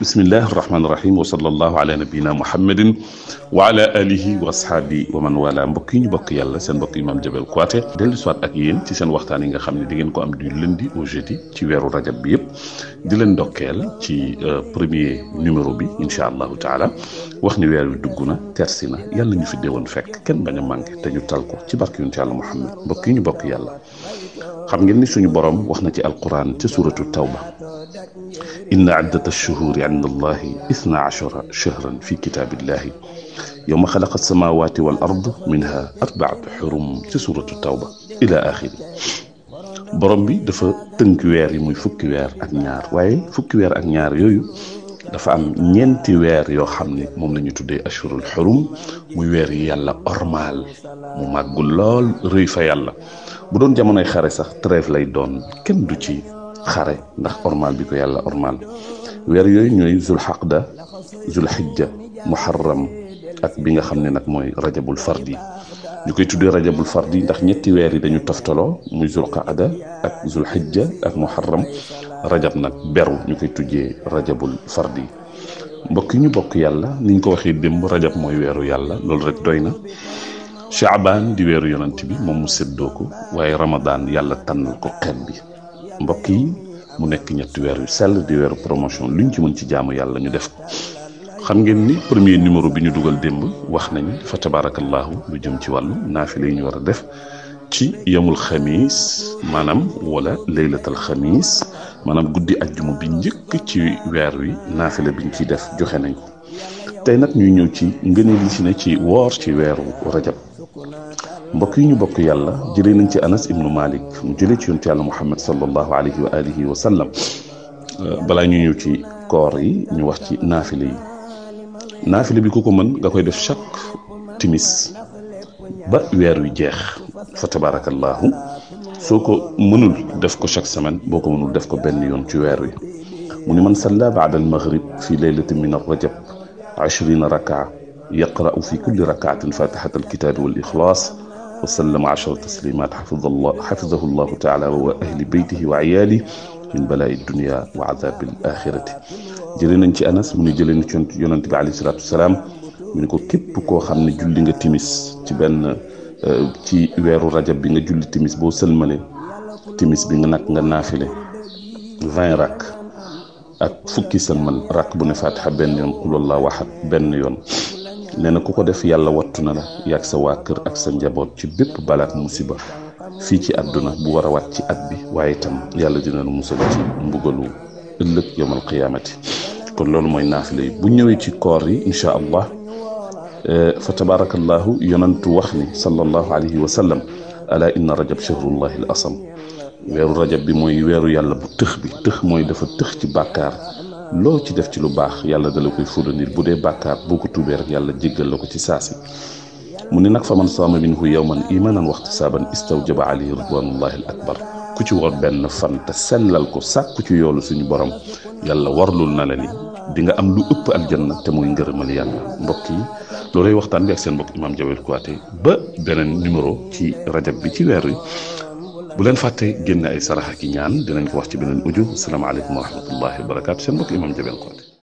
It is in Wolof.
bismillahi irrahmani irahim wa sallallahu ala nabiyina muhammadin wa ala alihi wa ashaabi wa man wala mbokk yi ñu bokk yàlla seen mbokk imam Jabel Kouyaté dellu soit ak yéen ci seen waxtaan yi nga xam ne digen ko am du lundi au jeudi ci weeru rajab bi yëpp di leen ndokkeel ci euh, premier numéro bi incha allahu taala wax ni weer wi dugg na tersi na yàlla ñu fi déwoon fekk kenn bañ a manqué te ñu tal ko ci barke yonent yàlla muhammad mbokk yi ñu bokk yàlla xam ngeen ni suñu borom wax na ci alquran ca suratu tawba inna addata alshuhuri inda allahi ithna achara shahran fi kitaabillahi yowma xalaqa alsamawati wal ard minha arbaatu xurum ca suratu tawba ila axiri borom bi dafa tënk weer yi muy fukki weer ak ñaar waaye fukki weer ak ñaar yooyu dafa am ñeenti weer yoo xam ne moom la ñu tuddee ashurul xurum muy weer yi yàlla ormaal mu màggul lool rëy fa yàlla bu doon jamonoy xare sax trêve lay doon kenn du ci xare ndax ormal bi ko yàlla ormal weer yooyu ñooy zulxaqda zulxijja muharram ak bi nga xam ne nag mooy rajabul fardi ñu koy tuddee rajabul fardi ndax ñetti weer yi dañu toftaloo muy zulqaada ak zulxijja ak muharram rajab nag beru ñu koy tuddee rajabul fardi mbokk yi ñu bokk yàlla niñ ko waxee démb rajab mooy weeru yàlla loolu rek doy na Chaabaan di weeru yonent bi moom mu séddoo ko waaye Ramadan yàlla tànnal ko xet bi mbokk yi mu nekk ñetti weer yu sell di weeru promotion luñ ci mën ci jaamu yàlla ñu def ko. xam ngeen ni premier numéro bi ñu dugal démb wax nañ fa tabaarakallaahu lu jëm ci wàllu naafila yi ñu war a def ci yamul xamiis maanaam wala laylatal xamiis maanaam guddi ajjuma bi njëkk ci weer wi naafila biñ ciy def joxe nañ ko tey nag ñuy ñëw ci ngëneel yi ci woor ci weeru rajab mbokk yi ñu bokk yàlla jëlee nañ ci anas ibnu malik mu jëlee ci yonent yàlla muhammad sallallahu alayhi wa alihi wa sallam euh, balaa ñu ñëw ci koor yi ñu wax ci naafile yi naafile bi ku ko mën nga koy def chaque timis ba weer wi jeex fa tabaarakallaahu soo ko mënul def ko chaque semaine boo ko mënul def ko benn yoon ci weer wi mu ni man salla baada al fi laylatin min ar rajab rakaa yaqra'u fi kulli rakaatin fatixata alkitaabi wal ixlaas wa sallama achara taslimat xafida allah xafidahu llahu taala wa ahli beytihi wa ayaalihi min balaa'i dunia wa adaabi alaaxirati jëlee nañ ci anas mu ne jëlee na ci yonante bi alayhi salaatu wasalaam mu ne ko képp koo xam ne julli nga timis ci benn ci weeru rajab bi nga julli timis boo sëlmale timis bi nga nag nga naafile vingt rakk ak fukki sëlmal rakk bu ne fatiha benn yoon qul allahu ahad benn yoon nee na ku ko def yàlla wattu na la yàgg sa waa kër ak sa njaboot ci bépp balaak musiba fii ci àdduna bu war a wat ci at bi waaye tam yàlla dina la musal ci mbugalu ëllëg yomal qiyaamati kon loolu mooy naafila yi bu ñëwee ci koor yi incha allah eh, fa tabaarakallahu yonantu wax ni sallallahu alayhi wa sallam ala inna rajab shahrullahi al asam rajab bi mooy weeru yàlla bu tëx bi tëx mooy dafa tëx ci bàkkaar loo ci def ci lu baax yàlla da koy koy fudandir bu dee bàkkaar boo ko tuubee rek yàlla jéggal la ko ci saasi mu ne nag fa man saama minhu yowman imanan waxtisaaban istawjaba alayhi ridwanullahi ak akbar ku ci war benn fan te sellal ko sàkku ci yoolu suñu borom yàlla warlul na la ni di nga am lu ëpp aljanna te mooy ngërëmal yàlla mbokk yi loolay waxtaan bi ak seen mbokk Imam Diawel Kouyaté ba beneen numéro ci rajab bi ci weer wi bu leen fàtte génn ay sarax ak i ñaan dinañ ko wax ci beneen uju salaamaaleykum wa rahmatullahi wa barakaatu seen mbokk imam Jabel Kote